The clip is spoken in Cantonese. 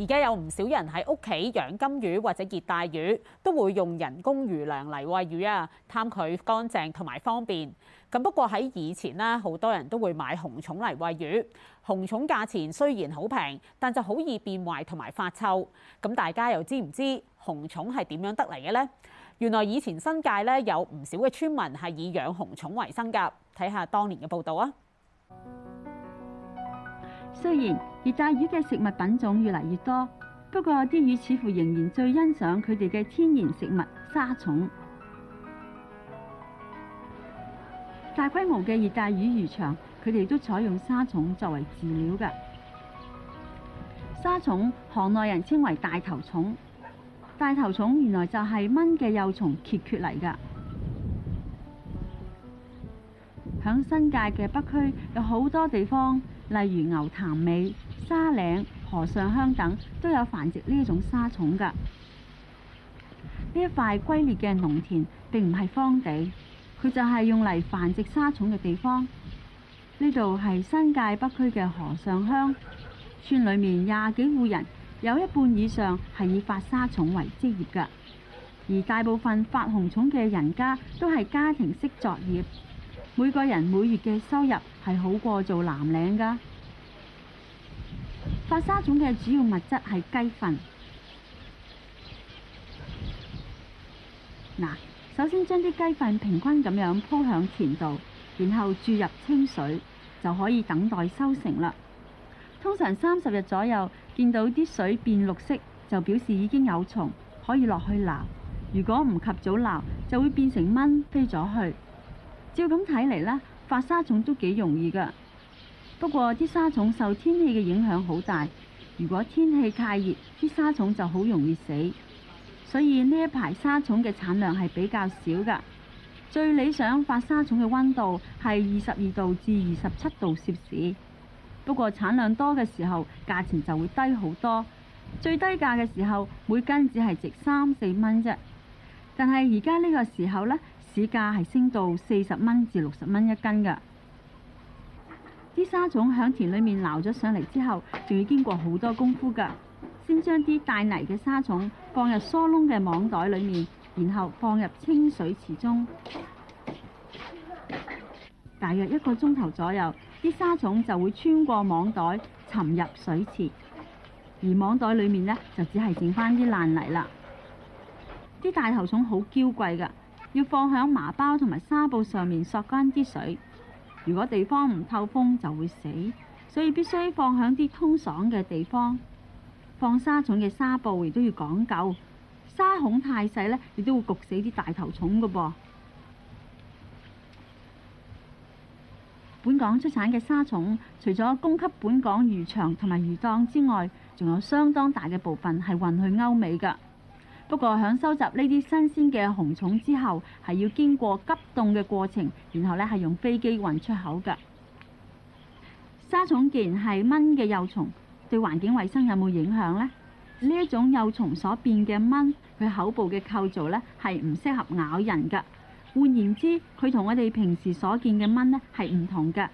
而家有唔少人喺屋企養金魚或者熱帶魚，都會用人工魚糧嚟餵魚啊，貪佢乾淨同埋方便。咁不過喺以前咧，好多人都會買紅蟲嚟餵魚。紅蟲價錢雖然好平，但就好易變壞同埋發臭。咁大家又知唔知紅蟲係點樣得嚟嘅呢？原來以前新界咧有唔少嘅村民係以養紅蟲為生噶。睇下當年嘅報導啊！雖然熱帶魚嘅食物品種越嚟越多，不過啲魚似乎仍然最欣賞佢哋嘅天然食物沙蟲。大規模嘅熱帶魚魚場，佢哋都採用沙蟲作為飼料噶。沙蟲行內人稱為大頭蟲，大頭蟲原來就係蚊嘅幼蟲孑孓嚟噶。喺新界嘅北區有好多地方。例如牛潭尾、沙嶺、河上鄉等都有繁殖呢種沙蟲㗎。呢一塊龜裂嘅農田並唔係荒地，佢就係用嚟繁殖沙蟲嘅地方。呢度係新界北區嘅河上鄉，村裏面廿幾戶人有一半以上係以發沙蟲為職業㗎。而大部分發紅蟲嘅人家都係家庭式作業。每個人每月嘅收入係好過做藍領噶。發沙種嘅主要物質係雞糞。嗱，首先將啲雞糞平均咁樣鋪響田度，然後注入清水，就可以等待收成啦。通常三十日左右，見到啲水變綠色，就表示已經有蟲，可以落去撈。如果唔及早撈，就會變成蚊飛咗去。照咁睇嚟，呢，發沙蟲都幾容易噶。不過啲沙蟲受天氣嘅影響好大，如果天氣太熱，啲沙蟲就好容易死。所以呢一排沙蟲嘅產量係比較少噶。最理想發沙蟲嘅溫度係二十二度至二十七度攝氏。不過產量多嘅時候，價錢就會低好多。最低價嘅時候，每斤只係值三四蚊啫。但係而家呢個時候呢，市價係升到四十蚊至六十蚊一斤嘅。啲沙蟲響田裏面撈咗上嚟之後，仲要經過好多功夫㗎。先將啲帶泥嘅沙蟲放入疏窿嘅網袋裏面，然後放入清水池中。大約一個鐘頭左右，啲沙蟲就會穿過網袋沉入水池，而網袋裏面呢，就只係剩翻啲爛泥啦。啲大頭蟲好嬌貴㗎。要放喺麻包同埋沙布上面索乾啲水，如果地方唔透風就會死，所以必須放喺啲通爽嘅地方。放沙蟲嘅沙布亦都要講究，沙孔太細呢亦都會焗死啲大頭蟲噶噃。本港出產嘅沙蟲，除咗供給本港魚場同埋漁檔之外，仲有相當大嘅部分係運去歐美噶。不過喺收集呢啲新鮮嘅紅蟲之後，係要經過急凍嘅過程，然後咧係用飛機運出口㗎。沙蟲既然係蚊嘅幼蟲，對環境衛生有冇影響呢？呢一種幼蟲所變嘅蚊，佢口部嘅構造咧係唔適合咬人㗎。換言之，佢同我哋平時所見嘅蚊咧係唔同㗎。